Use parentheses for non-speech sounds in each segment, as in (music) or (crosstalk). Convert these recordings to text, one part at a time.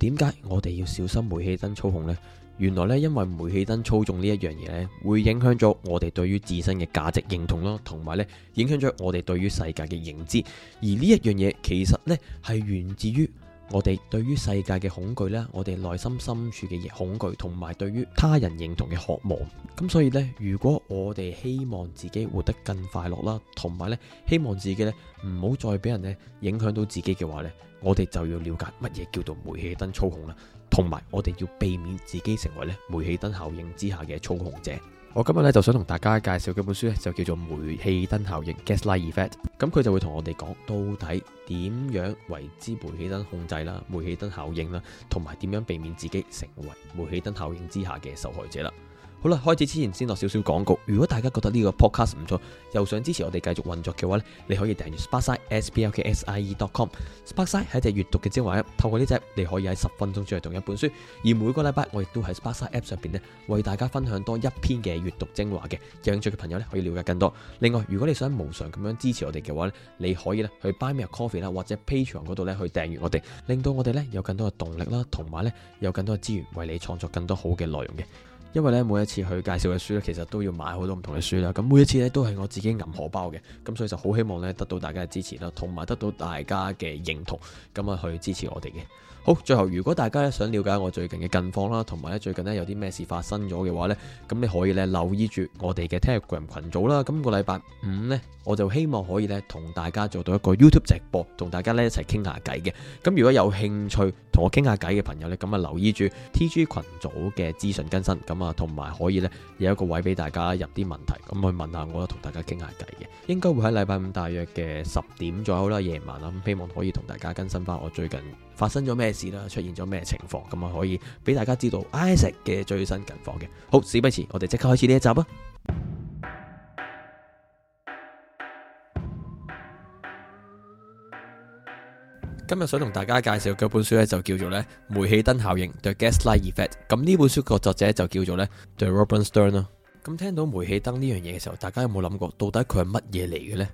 點解我哋要小心煤氣燈操控呢？原來呢，因為煤氣燈操縱呢一樣嘢呢，會影響咗我哋對於自身嘅價值認同咯，同埋呢，影響咗我哋對於世界嘅認知。而呢一樣嘢其實呢，係源自於我哋對於世界嘅恐懼啦，我哋內心深處嘅恐懼，同埋對於他人認同嘅渴望。咁所以呢，如果我哋希望自己活得更快樂啦，同埋呢，希望自己呢唔好再俾人呢影響到自己嘅話呢。我哋就要了解乜嘢叫做煤氣燈操控啦，同埋我哋要避免自己成為咧煤氣燈效應之下嘅操控者。我今日咧就想同大家介紹嘅本書咧就叫做《煤氣燈效應》（Gaslight Effect）。咁佢就會同我哋講到底點樣為之煤氣燈控制啦、煤氣燈效應啦，同埋點樣避免自己成為煤氣燈效應之下嘅受害者啦。好啦，開始之前先落少少廣告。如果大家覺得呢個 podcast 唔錯，又想支持我哋繼續運作嘅話咧，你可以訂閱 sparsie s p SP l k s i e dot com。Sparsie 係隻閲讀嘅精華 app，透過呢隻你可以喺十分鐘之內讀一本書。而每個禮拜我亦都喺 Sparsie app 上邊呢，為大家分享多一篇嘅閲讀精華嘅。有興趣嘅朋友呢可以了解更多。另外，如果你想無償咁樣支持我哋嘅話咧，你可以呢去 Buy Me a Coffee 啦，或者 Patreon 度呢去訂閱我哋，令到我哋呢有更多嘅動力啦，同埋呢有更多嘅資源為你創作更多好嘅內容嘅。因為咧，每一次去介紹嘅書咧，其實都要買好多唔同嘅書啦。咁每一次咧，都係我自己揞荷包嘅。咁所以就好希望咧，得到大家嘅支持啦，同埋得到大家嘅認同，咁啊去支持我哋嘅。好，最後如果大家咧想了解我最近嘅近況啦，同埋咧最近咧有啲咩事發生咗嘅話呢，咁你可以咧留意住我哋嘅 Telegram 群組啦。今個禮拜五呢，我就希望可以咧同大家做到一個 YouTube 直播，同大家咧一齊傾下偈嘅。咁如果有興趣同我傾下偈嘅朋友呢，咁啊留意住 TG 群組嘅資訊更新，咁啊同埋可以呢，有一個位俾大家入啲問題，咁去問下我同大家傾下偈嘅。應該會喺禮拜五大約嘅十點左右啦，夜晚啦，咁希望可以同大家更新翻我最近。發生咗咩事啦？出現咗咩情況咁啊？可以俾大家知道 Isaac 嘅最新近況嘅。好，事不宜遲，我哋即刻開始呢一集啊！ (music) 今日想同大家介紹嘅本書咧，就叫做咧煤氣燈效應 （The Gaslight Effect）。咁呢本書個作者就叫做咧 The Robin Stern 啦。咁聽到煤氣燈呢樣嘢嘅時候，大家有冇諗過到底佢係乜嘢嚟嘅呢？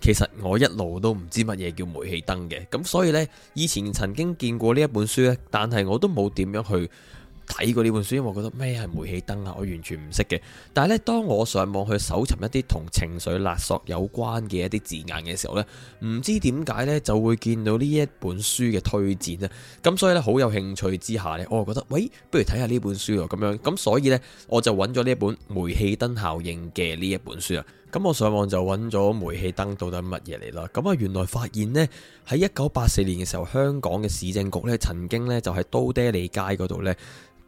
其實我一路都唔知乜嘢叫煤氣燈嘅，咁所以呢，以前曾經見過呢一本書呢，但係我都冇點樣去睇過呢本書，因為我覺得咩係煤氣燈啊，我完全唔識嘅。但係呢，當我上網去搜尋一啲同情緒勒索有關嘅一啲字眼嘅時候呢，唔知點解呢就會見到呢一本書嘅推薦啦。咁所以呢，好有興趣之下呢，我就覺得，喂，不如睇下呢本書啊，咁樣。咁所以呢，我就揾咗呢一本《煤氣燈效應》嘅呢一本書啊。咁我上網就揾咗煤氣燈到底係乜嘢嚟啦。咁啊，原來發現呢，喺一九八四年嘅時候，香港嘅市政局呢曾經呢，就喺、是、都爹利街嗰度呢。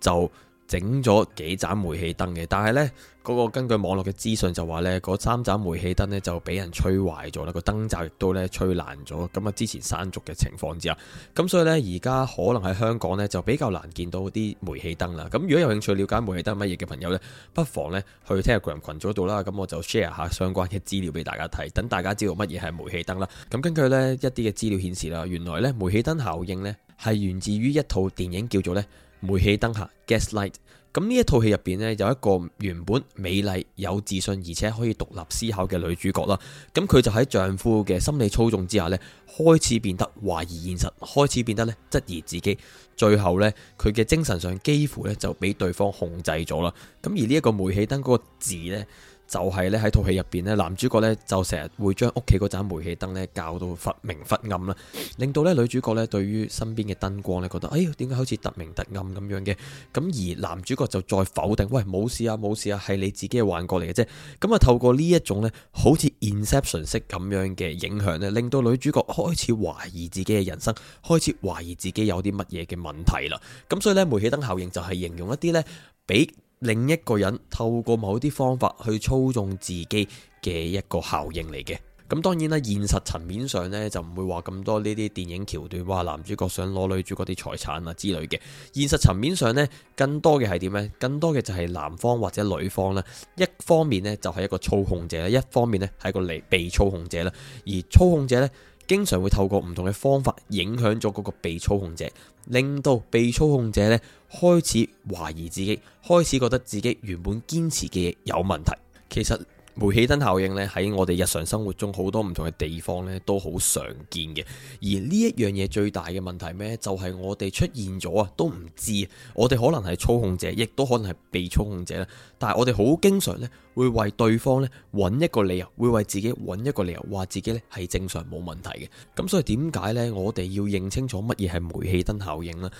就。整咗幾盞煤氣燈嘅，但係呢個根據網絡嘅資訊就話呢嗰三盞煤氣燈呢就俾人吹壞咗啦，個燈罩亦都呢吹爛咗。咁啊，之前山竹嘅情況之下，咁所以呢，而家可能喺香港呢就比較難見到啲煤氣燈啦。咁如果有興趣了解煤氣燈乜嘢嘅朋友呢，不妨呢去 Telegram 群組度啦。咁我就 share 下相關嘅資料俾大家睇，等大家知道乜嘢係煤氣燈啦。咁根據呢一啲嘅資料顯示啦，原來呢煤氣燈效應呢係源自於一套電影叫做呢。煤氣燈下 Gaslight。咁呢一套戲入邊呢，有一個原本美麗、有自信而且可以獨立思考嘅女主角啦。咁佢就喺丈夫嘅心理操縱之下呢，開始變得懷疑現實，開始變得咧質疑自己，最後呢，佢嘅精神上幾乎咧就俾對方控制咗啦。咁而呢一個煤氣燈嗰個字呢。就係咧喺套戲入邊咧，男主角咧就成日會將屋企嗰盞煤氣燈咧校到忽明忽暗啦，令到咧女主角咧對於身邊嘅燈光咧覺得哎喲點解好似突明突暗咁樣嘅，咁而男主角就再否定，喂，冇事啊冇事啊，係你自己嘅幻覺嚟嘅啫。咁啊透過呢一種咧好似 Inception 式咁樣嘅影響咧，令到女主角開始懷疑自己嘅人生，開始懷疑自己有啲乜嘢嘅問題啦，咁所以咧煤氣燈效應就係形容一啲咧俾。另一個人透過某啲方法去操縱自己嘅一個效應嚟嘅，咁當然啦，現實層面上呢，就唔會話咁多呢啲電影橋段，話男主角想攞女主角啲財產啊之類嘅。現實層面上呢，更多嘅係點呢？更多嘅就係男方或者女方啦，一方面呢，就係一個操控者啦，一方面呢，係個嚟被操控者啦，而操控者呢。經常會透過唔同嘅方法影響咗嗰個被操控者，令到被操控者呢，開始懷疑自己，開始覺得自己原本堅持嘅嘢有問題。其實。煤氣燈效應咧，喺我哋日常生活中好多唔同嘅地方咧都好常見嘅，而呢一樣嘢最大嘅問題咩？就係我哋出現咗啊，都唔知，我哋可能係操控者，亦都可能係被操控者啦。但係我哋好經常咧會為對方咧揾一個理由，會為自己揾一個理由，話自己咧係正常冇問題嘅。咁所以點解咧我哋要認清楚乜嘢係煤氣燈效應呢？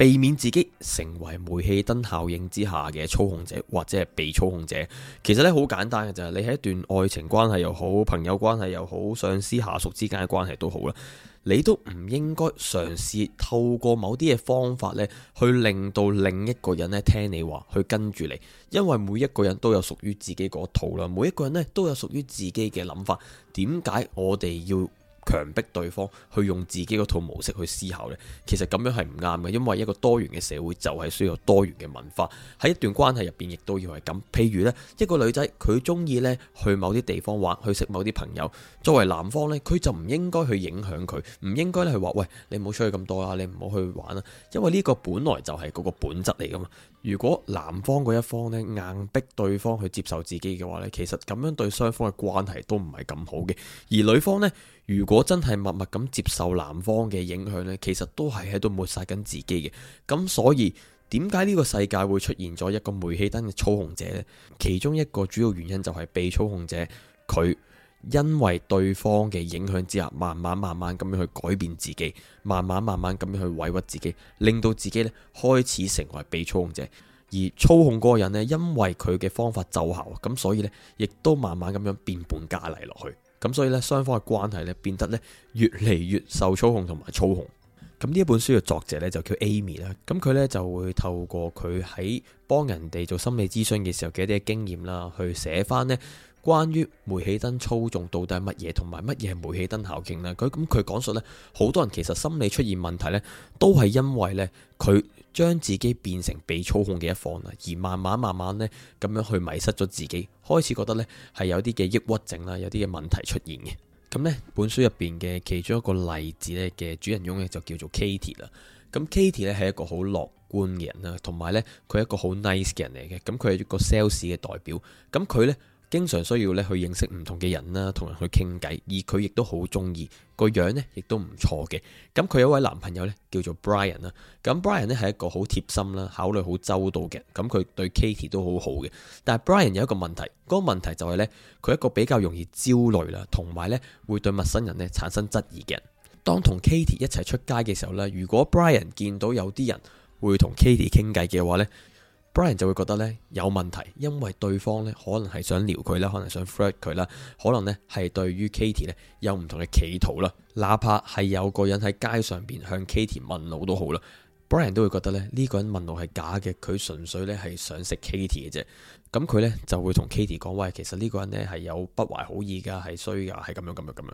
避免自己成為煤氣燈效應之下嘅操控者或者係被操控者，其實咧好簡單嘅就係你喺一段愛情關係又好、朋友關係又好、上司下屬之間嘅關係都好啦，你都唔應該嘗試透過某啲嘅方法咧去令到另一個人咧聽你話去跟住你，因為每一個人都有屬於自己嗰套啦，每一個人咧都有屬於自己嘅諗法，點解我哋要強迫對方去用自己嗰套模式去思考呢，其實咁樣係唔啱嘅，因為一個多元嘅社會就係需要多元嘅文化。喺一段關係入邊，亦都要係咁。譬如呢，一個女仔佢中意呢去某啲地方玩，去識某啲朋友。作為男方呢，佢就唔應該去影響佢，唔應該咧係話喂，你唔好出去咁多呀，你唔好去玩呀。因為呢個本來就係嗰個本質嚟㗎嘛。如果男方嗰一方呢硬逼對方去接受自己嘅話呢，其實咁樣對雙方嘅關係都唔係咁好嘅。而女方呢，如果我真係默默咁接受男方嘅影響呢，其實都係喺度抹殺緊自己嘅。咁所以點解呢個世界會出現咗一個煤氣燈嘅操控者呢？其中一個主要原因就係被操控者佢因為對方嘅影響之下，慢慢慢慢咁樣去改變自己，慢慢慢慢咁樣去委屈自己，令到自己呢開始成為被操控者。而操控嗰個人呢，因為佢嘅方法奏效，咁所以呢，亦都慢慢咁樣變本加厲落去。咁所以咧，雙方嘅關係咧變得咧越嚟越受操控同埋操控。咁呢一本書嘅作者咧就叫 Amy 啦，咁佢咧就會透過佢喺幫人哋做心理諮詢嘅時候嘅一啲經驗啦，去寫翻呢關於煤氣燈操縱到底係乜嘢，同埋乜嘢係煤氣燈效應啦。佢咁佢講述咧，好多人其實心理出現問題咧，都係因為咧佢將自己變成被操控嘅一方啦，而慢慢慢慢呢，咁樣去迷失咗自己，開始覺得呢係有啲嘅抑鬱症啦，有啲嘅問題出現嘅。咁呢本書入邊嘅其中一個例子呢嘅主人翁呢，就叫做 Katy 啦。咁 Katy 呢係一個好樂觀嘅人啦，同埋呢，佢係一個好 nice 嘅人嚟嘅。咁佢係一個 sales 嘅代表，咁佢呢。經常需要咧去認識唔同嘅人啦，同人去傾偈，而佢亦都好中意，個樣咧亦都唔錯嘅。咁佢有位男朋友咧叫做 Brian 啦。咁 Brian 咧係一個好貼心啦，考慮好周到嘅。咁佢對 Katie 都好好嘅。但係 Brian 有一個問題，嗰個問題就係咧，佢一個比較容易焦慮啦，同埋咧會對陌生人咧產生質疑嘅人。當同 Katie 一齊出街嘅時候咧，如果 Brian 見到有啲人會同 Katie 傾偈嘅話咧，Brian 就會覺得咧有問題，因為對方咧可能係想撩佢啦，可能想 friend 佢啦，可能咧係對於 Katie 咧有唔同嘅企圖啦。哪怕係有個人喺街上邊向 Katie 問路都好啦，Brian 都會覺得咧呢個人問路係假嘅，佢純粹咧係想食 Katie 嘅啫。咁佢咧就會同 Katie 講：喂，其實呢個人咧係有不懷好意噶，係衰噶，係咁樣咁樣咁樣。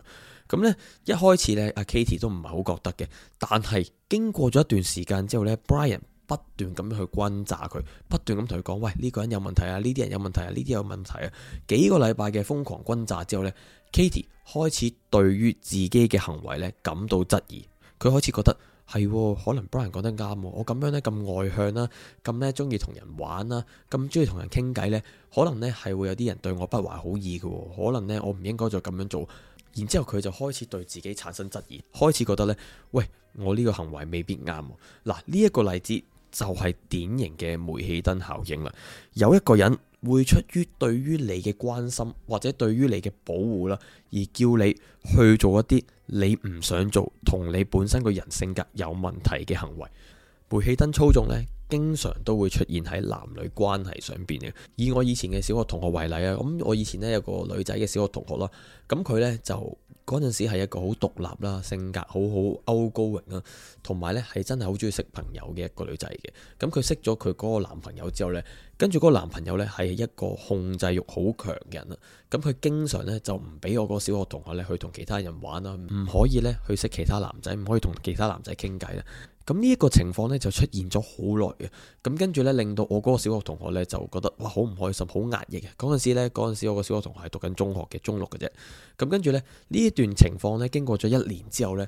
咁咧一開始咧，阿 Katie 都唔係好覺得嘅，但係經過咗一段時間之後咧，Brian，不斷咁樣去轟炸佢，不斷咁同佢講，喂，呢個人有問題啊，呢啲人有問題啊，呢啲有問題啊，幾個禮拜嘅瘋狂轟炸之後呢 Katie 開始對於自己嘅行為呢感到質疑，佢開始覺得係、哦、可能 Brian 講得啱、啊，我咁樣呢，咁外向啦、啊，咁呢中意同人玩啦、啊，咁中意同人傾偈呢，可能呢係會有啲人對我不懷好意嘅、啊，可能呢，我唔應該再咁樣做，然之後佢就開始對自己產生質疑，開始覺得呢：「喂，我呢個行為未必啱、啊，嗱呢一個例子。就係典型嘅煤氣燈效應啦。有一個人會出於對於你嘅關心或者對於你嘅保護啦，而叫你去做一啲你唔想做同你本身個人性格有問題嘅行為。煤氣燈操縱呢，經常都會出現喺男女關係上邊嘅。以我以前嘅小學同學為例啊，咁我以前呢有個女仔嘅小學同學咯，咁佢呢就嗰陣時係一個好獨立啦，性格好好 outgoing 啊，同埋呢係真係好鍾意識朋友嘅一個女仔嘅。咁佢識咗佢嗰個男朋友之後呢，跟住嗰個男朋友呢係一個控制欲好強嘅人啊。咁佢經常呢就唔俾我個小學同學呢去同其他人玩啊，唔可以呢去識其他男仔，唔可以同其他男仔傾偈啊。咁呢一個情況呢就出現咗好耐嘅，咁跟住呢，令到我嗰個小學同學呢就覺得，哇好唔開心，好壓抑嘅。嗰陣時呢，嗰時我個小學同學係讀緊中學嘅中六嘅啫。咁跟住呢，呢一段情況呢經過咗一年之後呢，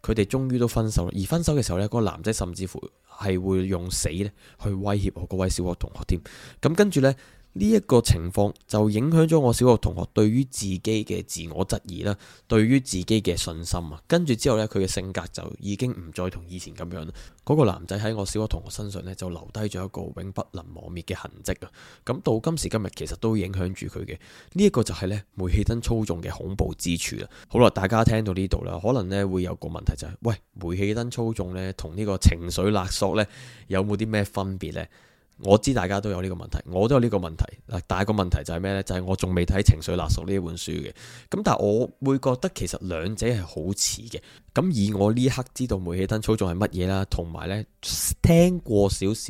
佢哋終於都分手。而分手嘅時候呢，嗰、嗰個男仔甚至乎係會用死呢去威脅我嗰位小學同學添。咁跟住呢。呢一個情況就影響咗我小學同學對於自己嘅自我質疑啦，對於自己嘅信心啊，跟住之後呢，佢嘅性格就已經唔再同以前咁樣啦。嗰個男仔喺我小學同學身上呢，就留低咗一個永不能磨滅嘅痕跡啊。咁到今時今日，其實都影響住佢嘅。呢一個就係呢煤氣燈操縱嘅恐怖之處啦。好啦，大家聽到呢度啦，可能呢會有個問題就係，喂，煤氣燈操縱呢同呢個情緒勒索呢，有冇啲咩分別呢？我知大家都有呢個問題，我都有呢個問題。嗱，第一個問題就係咩呢？就係、是、我仲未睇情緒勒索呢一本書嘅。咁但係我會覺得其實兩者係好似嘅。咁以我呢刻知道煤氣燈操縱係乜嘢啦，同埋呢聽過少少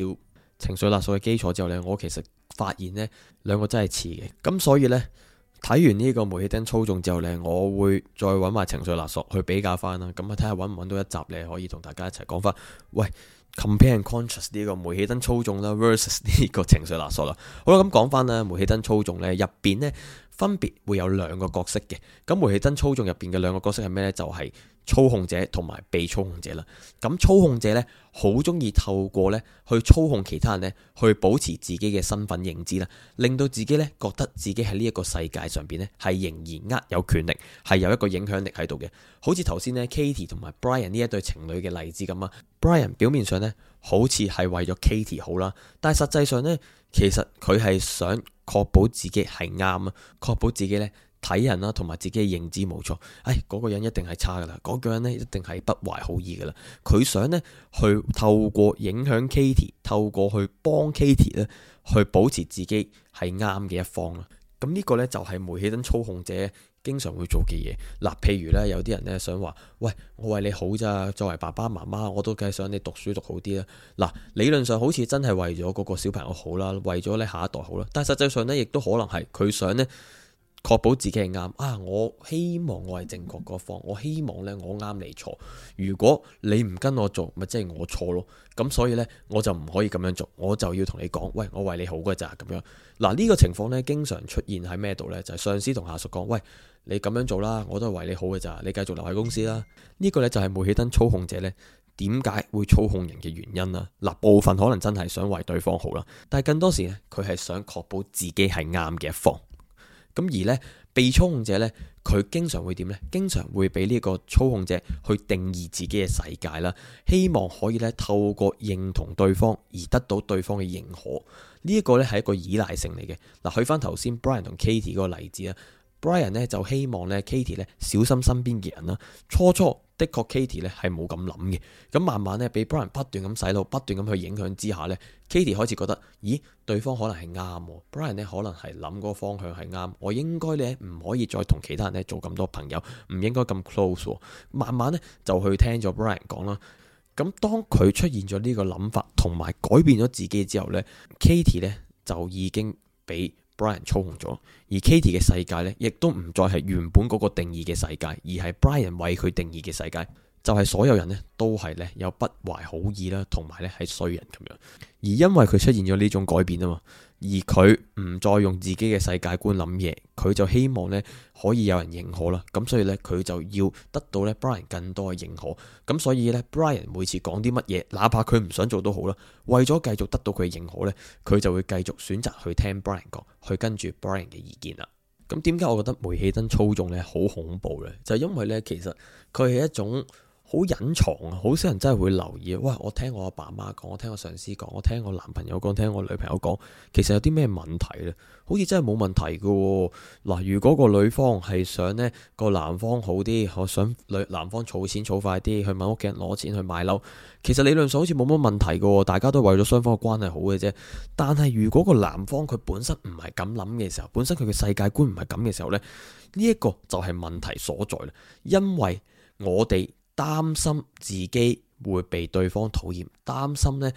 情緒勒索嘅基礎之後呢，我其實發現呢兩個真係似嘅。咁所以呢，睇完呢個煤氣燈操縱之後呢，我會再揾埋情緒勒索去比較翻啦。咁啊睇下揾唔揾到一集呢，可以同大家一齊講翻。喂！Compare and contrast 呢個煤氣燈操縱啦，versus 呢個情緒勒索啦。好啦，咁講返啦，煤氣燈操縱咧，入邊咧，分別會有兩個角色嘅。咁煤氣燈操縱入邊嘅兩個角色係咩咧？就係、是。操控者同埋被操控者啦，咁操控者呢，好中意透過呢去操控其他人呢，去保持自己嘅身份認知啦，令到自己呢，覺得自己喺呢一個世界上邊呢，係仍然握有權力，係有一個影響力喺度嘅。好似頭先呢 Katie 同埋 Brian 呢一對情侶嘅例子咁啊，Brian 表面上呢，好似係為咗 Katie 好啦，但係實際上呢，其實佢係想確保自己係啱啊，確保自己呢。睇人啦，同埋自己嘅認知冇錯，誒，嗰、那個人一定係差噶啦，嗰、那個人咧一定係不懷好意噶啦，佢想呢去透過影響 Katie，透過去幫 Katie 咧去保持自己係啱嘅一方啦。咁呢個呢就係、是、煤氣燈操控者經常會做嘅嘢。嗱、呃，譬如呢，有啲人呢想話，喂，我為你好咋，作為爸爸媽媽，我都梗係想你讀書讀好啲啦。嗱、呃，理論上好似真係為咗嗰個小朋友好啦，為咗你下一代好啦，但係實際上呢，亦都可能係佢想呢。確保自己係啱啊！我希望我係正確嗰方，我希望咧我啱你錯。如果你唔跟我做，咪即係我錯咯。咁所以呢，我就唔可以咁樣做，我就要同你講，喂，我為你好噶咋咁樣。嗱，呢個情況呢，經常出現喺咩度呢？就係上司同下屬講，喂，你咁樣做啦，我都係為你好噶咋，你繼續留喺公司啦。呢個呢，就係煤氣燈操控者呢點解會操控人嘅原因啦？嗱，部分可能真係想為對方好啦，但係更多時呢，佢係想確保自己係啱嘅一方。咁而咧被操控者咧，佢經常會點咧？經常會俾呢個操控者去定義自己嘅世界啦，希望可以咧透過認同對方而得到對方嘅認可。呢一個咧係一個依賴性嚟嘅。嗱，去翻頭先 Brian 同 Katie 嗰個例子啦。Brian 呢就希望咧 Katie 咧小心身邊嘅人啦。初初的確 Katie 咧係冇咁諗嘅，咁慢慢咧被 Brian 不斷咁洗腦、不斷咁去影響之下咧，Katie 開始覺得，咦，對方可能係啱，Brian 咧可能係諗嗰個方向係啱，我應該咧唔可以再同其他人咧做咁多朋友，唔應該咁 close。慢慢咧就去聽咗 Brian 講啦。咁當佢出現咗呢個諗法同埋改變咗自己之後咧，Katie 咧就已經俾 Brian 操控咗，而 Katie 嘅世界咧，亦都唔再係原本嗰個定義嘅世界，而係 Brian 為佢定義嘅世界，就係、是、所有人咧都係咧有不懷好意啦，同埋咧係衰人咁樣。而因為佢出現咗呢種改變啊嘛。而佢唔再用自己嘅世界觀諗嘢，佢就希望咧可以有人認可啦。咁所以咧佢就要得到咧 Brian 更多嘅認可。咁所以咧 Brian 每次講啲乜嘢，哪怕佢唔想做都好啦，為咗繼續得到佢認可咧，佢就會繼續選擇去聽 Brian 講，去跟住 Brian 嘅意見啦。咁點解我覺得煤氣燈操縱咧好恐怖咧？就係因為咧其實佢係一種。好隱藏啊！好少人真係會留意。哇！我聽我阿爸媽講，我聽我上司講，我聽我男朋友講，聽我女朋友講，其實有啲咩問題咧？好似真係冇問題㗎喎。嗱，如果個女方係想呢個男方好啲，我想女男方儲錢儲快啲，去問屋企人攞錢去買樓，其實理論上好似冇乜問題㗎喎。大家都為咗雙方嘅關係好嘅啫。但係如果個男方佢本身唔係咁諗嘅時候，本身佢嘅世界觀唔係咁嘅時候呢，呢一個就係問題所在啦。因為我哋擔心自己會被對方討厭，擔心呢。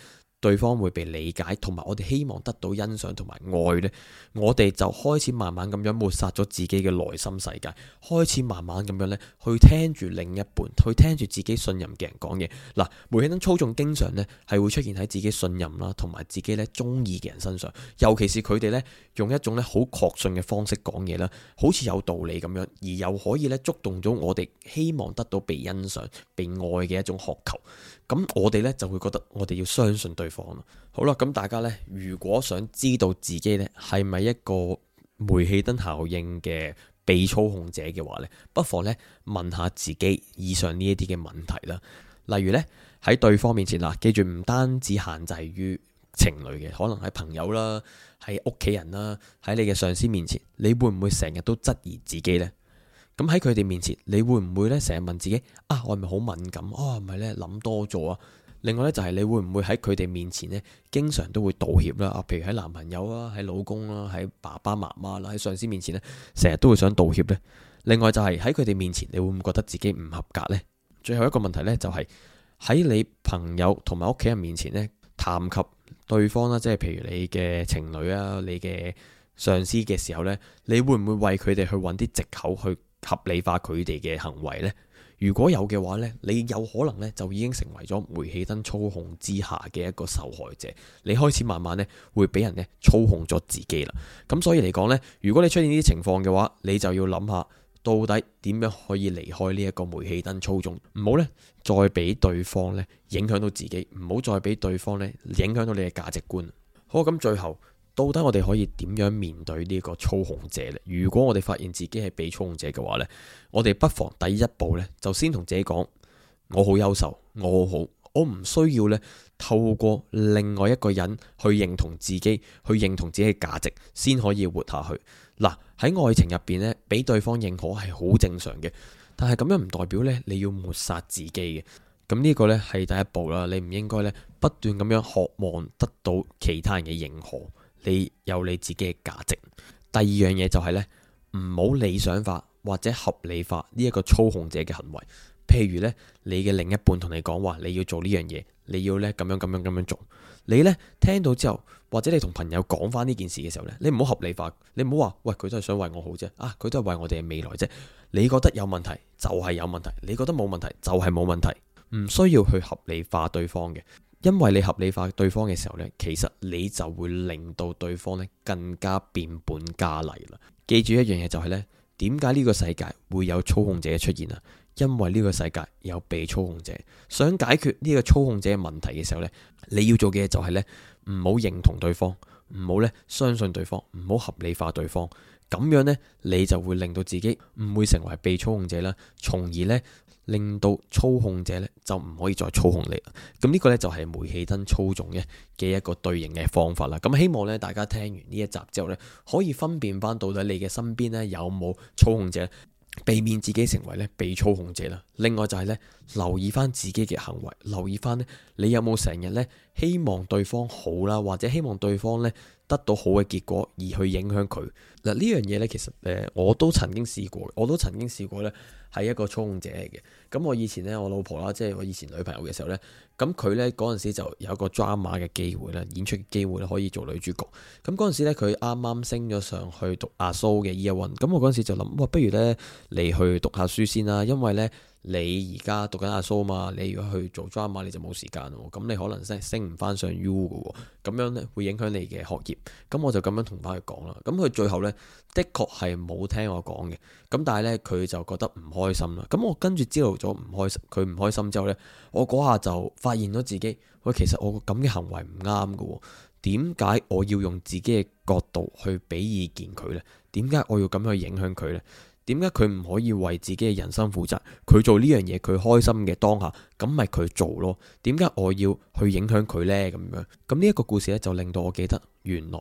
對方會被理解，同埋我哋希望得到欣賞同埋愛呢，我哋就開始慢慢咁樣抹殺咗自己嘅內心世界，開始慢慢咁樣呢去聽住另一半，去聽住自己信任嘅人講嘢。嗱，煤氣燈操縱經常呢係會出現喺自己信任啦，同埋自己呢中意嘅人身上，尤其是佢哋呢，用一種呢好確信嘅方式講嘢啦，好似有道理咁樣，而又可以呢觸動咗我哋希望得到被欣賞、被愛嘅一種渴求。咁我哋呢就會覺得我哋要相信對方。好啦，咁大家呢，如果想知道自己呢，係咪一個煤氣燈效應嘅被操控者嘅話呢，不妨呢，問下自己以上呢一啲嘅問題啦。例如呢，喺對方面前啦，記住唔單止限制於情侶嘅，可能喺朋友啦、喺屋企人啦、喺你嘅上司面前，你會唔會成日都質疑自己呢？咁喺佢哋面前，你會唔會呢，成日問自己啊？我係咪好敏感？啊，係咪呢？諗多咗啊？另外咧就係，你會唔會喺佢哋面前咧，經常都會道歉啦啊，譬如喺男朋友啊、喺老公啦、喺爸爸媽媽啦、喺上司面前咧，成日都會想道歉呢。另外就係喺佢哋面前，你會唔會覺得自己唔合格呢？最後一個問題呢，就係喺你朋友同埋屋企人面前呢，談及對方啦，即係譬如你嘅情侶啊、你嘅上司嘅時候呢，你會唔會為佢哋去揾啲藉口去合理化佢哋嘅行為呢？如果有嘅話呢，你有可能呢就已經成為咗煤氣燈操控之下嘅一個受害者。你開始慢慢呢會俾人呢操控咗自己啦。咁所以嚟講呢，如果你出現呢啲情況嘅話，你就要諗下到底點樣可以離開呢一個煤氣燈操縱，唔好呢再俾對方呢影響到自己，唔好再俾對方呢影響到你嘅價值觀。好，咁最後。到底我哋可以點樣面對呢個操控者呢？如果我哋發現自己係被操控者嘅話呢，我哋不妨第一步呢，就先同自己講：我好優秀，我好好，我唔需要呢透過另外一個人去認同自己，去認同自己嘅價值，先可以活下去。嗱，喺愛情入邊呢，俾對方認可係好正常嘅，但係咁樣唔代表呢你要抹殺自己嘅。咁呢個呢係第一步啦，你唔應該呢不斷咁樣渴望得到其他人嘅認可。你有你自己嘅價值。第二樣嘢就係呢，唔好理想化或者合理化呢一個操控者嘅行為。譬如呢，你嘅另一半同你講話，你要做呢樣嘢，你要呢咁樣咁樣咁樣做。你呢聽到之後，或者你同朋友講翻呢件事嘅時候呢，你唔好合理化，你唔好話喂，佢都係想為我好啫，啊佢都係為我哋嘅未來啫。你覺得有問題就係有問題，你覺得冇問題就係冇問題，唔需要去合理化對方嘅。因為你合理化對方嘅時候咧，其實你就會令到對方咧更加變本加厲啦。記住一樣嘢就係咧，點解呢個世界會有操控者出現啊？因為呢個世界有被操控者。想解決呢個操控者嘅問題嘅時候咧，你要做嘅嘢就係咧，唔好認同對方。唔好咧，相信對方，唔好合理化對方，咁樣呢，你就會令到自己唔會成為被操控者啦，從而呢，令到操控者呢，就唔可以再操控你啦。咁呢個呢，就係煤氣燈操縱嘅嘅一個對應嘅方法啦。咁希望呢，大家聽完呢一集之後呢，可以分辨翻到底你嘅身邊呢，有冇操控者。避免自己成為咧被操控者啦。另外就係咧，留意返自己嘅行為，留意返咧你有冇成日咧希望對方好啦，或者希望對方咧。得到好嘅結果而去影響佢嗱呢樣嘢呢，其實誒我都曾經試過，我都曾經試過呢，係一個操控者嚟嘅。咁我以前呢，我老婆啦，即係我以前女朋友嘅時候呢，咁佢呢嗰陣時就有一個 drama 嘅機會咧，演出嘅機會可以做女主角。咁嗰陣時咧，佢啱啱升咗上去讀阿蘇嘅 year one。咁我嗰陣時就諗，哇，不如呢，你去讀下書先啦，因為呢……」你而家讀緊阿蘇嘛？你如果去做 drama，你就冇時間喎。咁你可能真升唔翻上 U 嘅喎。咁樣咧會影響你嘅學業。咁我就咁樣同翻佢講啦。咁佢最後咧，的確係冇聽我講嘅。咁但係咧，佢就覺得唔開心啦。咁我跟住知道咗唔開心，佢唔開，開心之後咧，我嗰下就發現咗自己，喂，其實我咁嘅行為唔啱㗎喎。點解我要用自己嘅角度去俾意見佢咧？點解我要咁去影響佢咧？點解佢唔可以為自己嘅人生負責？佢做呢樣嘢佢開心嘅當下，咁咪佢做咯。點解我要去影響佢呢？咁樣咁呢一個故事咧，就令到我記得原來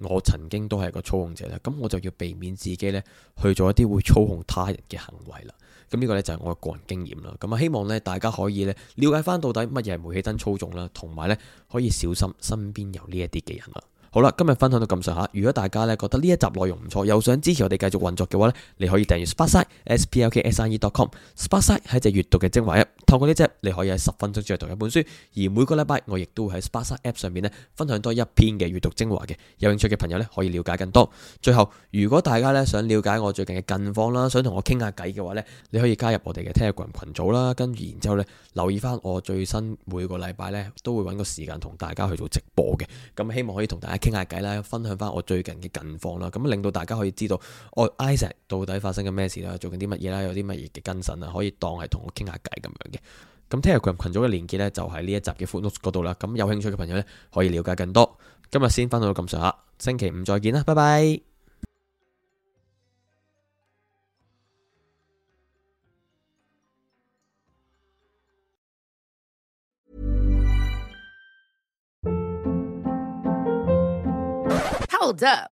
我曾經都係個操控者啦。咁我就要避免自己呢去做一啲會操控他人嘅行為啦。咁呢個呢，就係我個人經驗啦。咁啊，希望呢，大家可以呢，了解翻到底乜嘢係煤氣燈操縱啦，同埋呢，可以小心身邊有呢一啲嘅人啦。好啦，今日分享到咁上下。如果大家呢，覺得呢一集內容唔錯，又想支持我哋繼續運作嘅話呢，你可以訂閱 Sparkside s p l k s i e dot com sp。Sparkside 係一隻閲讀嘅精華 app。透過呢隻，你可以喺十分鐘之內讀一本書。而每個禮拜我亦都會喺 Spasa App 上面咧分享多一篇嘅閱讀精華嘅。有興趣嘅朋友咧可以了解更多。最後，如果大家咧想了解我最近嘅近況啦，想同我傾下偈嘅話咧，你可以加入我哋嘅 Telegram 群組啦。跟住然之後咧，留意翻我最新每個禮拜咧都會揾個時間同大家去做直播嘅。咁希望可以同大家傾下偈啦，分享翻我最近嘅近況啦。咁令到大家可以知道我、哦、Isaac 到底發生緊咩事啦，做緊啲乜嘢啦，有啲乜嘢嘅更新啊，可以當係同我傾下偈咁樣嘅。咁聽日群群組嘅連結咧，就喺呢一集嘅 footnote 嗰度啦。咁有興趣嘅朋友咧，可以了解更多。今日先分享到咁上下，星期五再見啦，拜拜。Hold up。